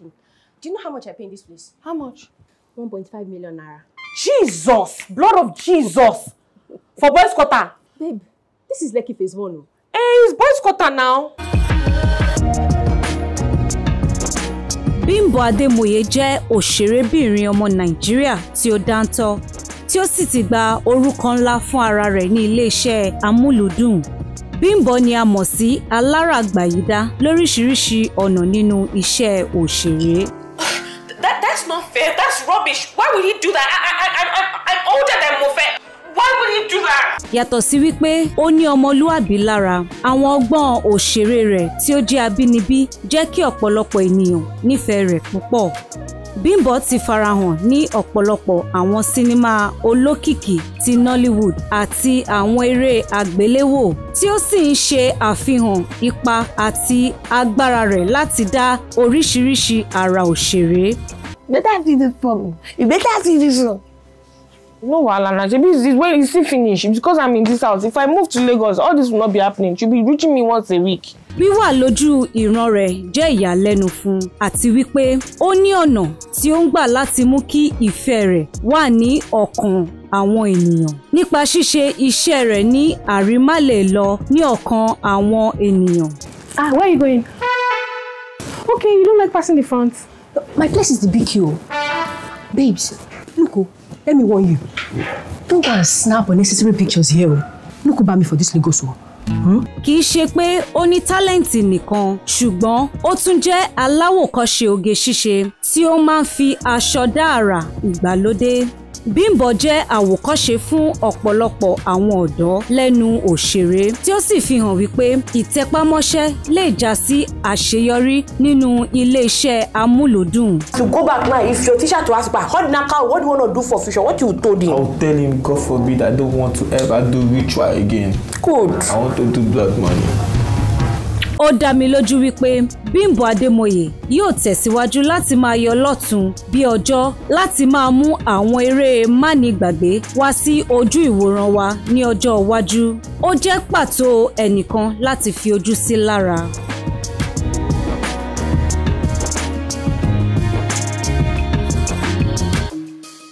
Do you know how much I pay in this place? How much? 1.5 million naira. Jesus! Blood of Jesus! For boys quarter. Babe, this is lucky phase one. Hey, eh, it's boys quarter now. Bimbo Adémoyè jẹ́ òṣèrébìnrin ọmọ Nàìjíríà tí ó dáńtọ́ tí ó sì ti gba orúkọ ńlá fún ara rẹ̀ ní iléeṣẹ́ amúlùdùn Bímbọ́ ni a mọ̀ sí alárààgbàyídá lóríṣiríṣi ọ̀nà nínú iṣẹ́ òṣèré. That, that's not fair. That's rubbish. Why would he do that? I, I, I, I'm older than Mofe. Why would he do that? Yàtọ̀ sí wípé ó ní ọmọlúàbí lára, àwọn ọgbọ́n òṣèré rẹ̀ tí ó jẹ́ abínibí jẹ́ kí ọ̀pọ̀lọpọ̀ ènìyàn nífẹ̀ẹ́ rẹ̀ púpọ̀. Bímbọ́ ti farahàn ní ọ̀pọ̀lọpọ̀ àwọn sinimá olókìkí ti Nollywood àti àwọn eré àgbéléwò tí ó sì ń ṣe àfihàn ipa àti agbára rẹ̀ láti dá oríṣiríṣi àrà òṣèré. Better see this problem. You better see this one no wahala na shebi this wey you see finish because i'm in this house if i move to lagos all this will not be happening she be reaching me once a week. wíwà lójú ìran rẹ̀ jẹ́ ìyàlẹ́nu fún un àti wípé ó ní ọ̀nà tí ó ń gbà láti mú kí ìfẹ́ rẹ̀ wà ní ọkàn àwọn ènìyàn nípa ṣíṣe iṣẹ́ rẹ̀ ní àrímálèlọ ní ọkàn àwọn ènìyàn. ah where you going? okay you don't like passing the front. my place is the BQ. babes let me warn you don't go and snap unnecessary pictures here o oh. no go bá for this Lagos o. Oh. Hmm? kì í ṣe pé ó ní tálẹ́ǹtì nìkan ṣùgbọ́n ó tún jẹ́ aláwòkọ́ṣe oge ṣíṣe tí ó máa ń fi aṣọ dáàrà ìgbàlódé Bímbọ́ jẹ́ àwòkọ́ṣe fún ọ̀pọ̀lọpọ̀ àwọn ọ̀dọ́ lẹ́nu òṣèré tí ó sì fi hàn wípé ìtẹpámọ́ṣẹ́ lè já sí àṣeyọrí nínú iléeṣẹ́ amúlòdùn. To go back now if your teacher to ask back how na cow what do you wanna do for future what you told him. I will tell him God forbid I don't want to ever do ritual again. Good. I want to do blood money ó dá mi lójú wípé Bímbọ́ Adémoyè yóò tẹ̀síwájú láti máa yọ lọ́tún bí ọjọ́ láti máa mú àwọn eré mánigbàgbé wá sí ojú ìwòran wa ní ọjọ́ iwájú ó jẹ́ pàtó ẹnìkan láti fi ojú sí lára.